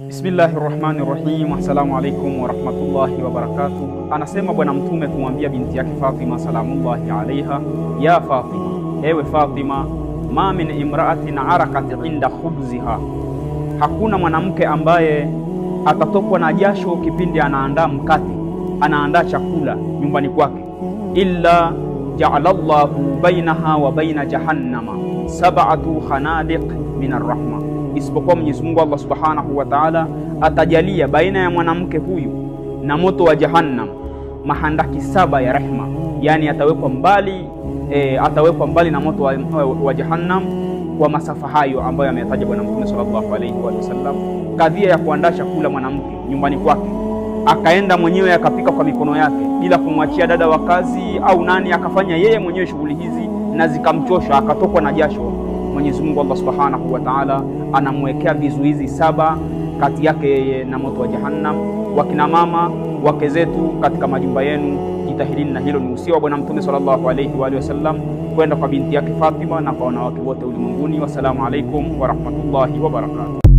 Bismillahi rahmani rahim. Assalamu alaikum warahmatullahi wabarakatuh. Anasema Bwana Mtume kumwambia binti yake Fatima salamullahi alaiha, ya Fatima, ewe Fatima, ma min imraatin arakat inda khubziha, hakuna mwanamke ambaye atatokwa na jasho kipindi anaandaa mkate, anaandaa chakula nyumbani kwake, illa jaala llahu bainaha wa baina jahannama sab'atu khanadiq min arrahma isipokuwa Mwenyezi Mungu Allah Subhanahu wa Ta'ala atajalia baina ya mwanamke huyu na moto wa Jahannam mahandaki saba ya rehma, yani atawekwa mbali e, atawekwa mbali na moto wa, wa, wa Jahannam kwa masafa hayo ambayo ameyataja Bwana Mtume sallallahu alaihi wasallam. Kadhia ya kuandaa chakula mwanamke nyumbani kwake akaenda mwenyewe akapika kwa mikono yake bila kumwachia dada wa kazi au nani, akafanya yeye mwenyewe shughuli hizi na zikamchosha, akatokwa na jasho. Mwenyezi Mungu Allah Subhanahu wa Ta'ala anamwekea vizuizi saba kati yake yeye na moto wa Jahannam. Wakina mama, wake zetu katika majumba yenu jitahidini na hilo ni usia wa Bwana Mtume sallallahu alayhi wa sallam wasallam kwenda kwa binti yake Fatima na kwa wanawake wote ulimwenguni. Wassalamu alaikum warahmatullahi wabarakatuh.